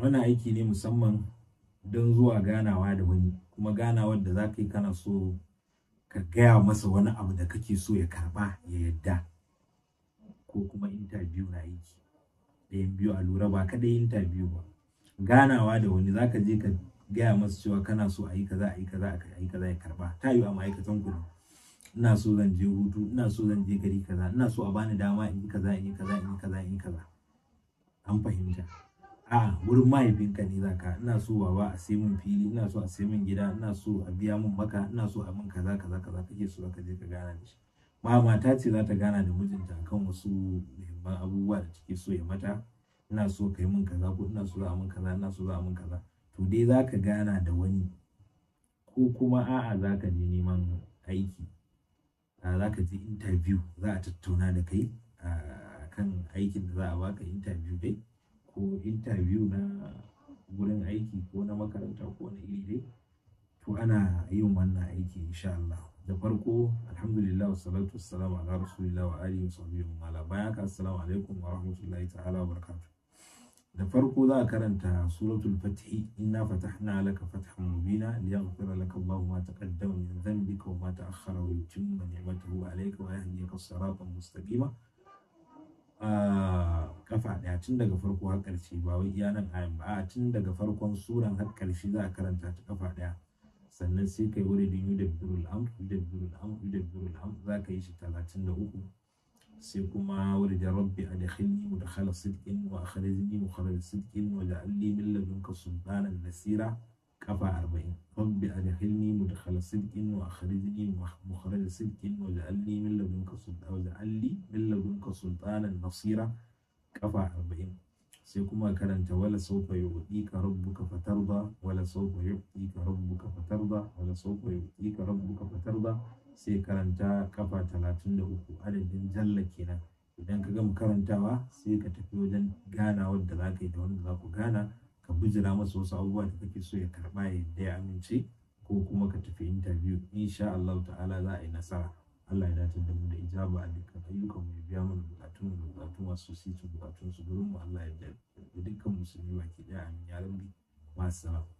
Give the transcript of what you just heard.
wannan aiki ne musamman don zuwa ganawa da wani kuma ganawar da za ka yi kana so ka gaya masa wani abu da kake so ya karba ya yadda ko kuma interview na aiki yin biyu a lura ba kaɗai interview ba ganawa da wani za ka je ka gaya masa cewa kana so a yi kaza a yi kaza a yi kaza ya karba ta yi a ma'aikatan ku ina so zan je hutu ina so zan je gari kaza ina so a bani dama in yi kaza in yi kaza in yi kaza in yi kaza an fahimta a wurin mahaifinka ne zaka ina so baba a sai min fili ina so a sai min gida ina so a biya mun maka ina so a min kaza kaza kaza kake so ka je ka gana da shi ma mata ce za ta gana da mijinta kan wasu muhimman abubuwa da take so ya mata ina so ka yi min kaza ko ina so za a min kaza ina so za a min kaza to dai za ka gana da wani ko kuma a'a za ka je neman aiki za ka je interview za a tattauna da kai a kan aikin da za a baka interview dai ko interview na wurin aiki ko na makaranta ko na iri to ana yin wannan aiki insha Allah da farko alhamdulillah wassalatu wassalamu ala rasulillah wa alihi wa sahbihi wa ala bayan ka assalamu alaikum wa rahmatullahi ta'ala wa barakatuh da farko za a karanta suratul fatihi inna fatahna laka fathan mubina liyaghfira laka Allahu ma taqaddama min dhanbika wa ma ta'akhkhara wa yutimma ni'matahu alayka wa yahdiyaka siratan mustaqima ah, kafa ɗaya tun daga farko har ƙarshe ba wai iya nan ayan ba a tun daga farkon suran har ƙarshe za a karanta ta kafa ɗaya sannan sai kai wuri din da amr am da yudabbirul am za ka yi shi talatin da uku sai kuma wuri da rabbi adkhilni mudkhala sidqin wa mu khala sidqin wa alli min ladunka sultanan nasira kafa arba'in rabbi adkhilni mudkhala sidqin wa mu khala sidqin wa alli min ladunka sultanan nasira kafa arba'in sai kuma karanta wala saufa yu'tika rabbuka fatarda wala saufa yu'tika rabbuka fatarda wala saufa yu'tika rabbuka fatarda sai karanta kafa talatin da uku adadin jalla kenan idan ka gama karantawa sai ka tafi wajen gana wadda za ka yi da wanda za ku gana ka bijira masa wasu abubuwa da kake so ya karɓa ya yadda ya amince ko kuma ka tafi intabiyu, insha Allah ta'ala za a yi nasara Allah ya dace da mu da ijaba a dukkan ayyukan mu ya biya mana bukatun mu bukatun wasu su ci bukatun su gurin mu Allah ya biya dukkan musulmi baki daya amin ya rabbi ma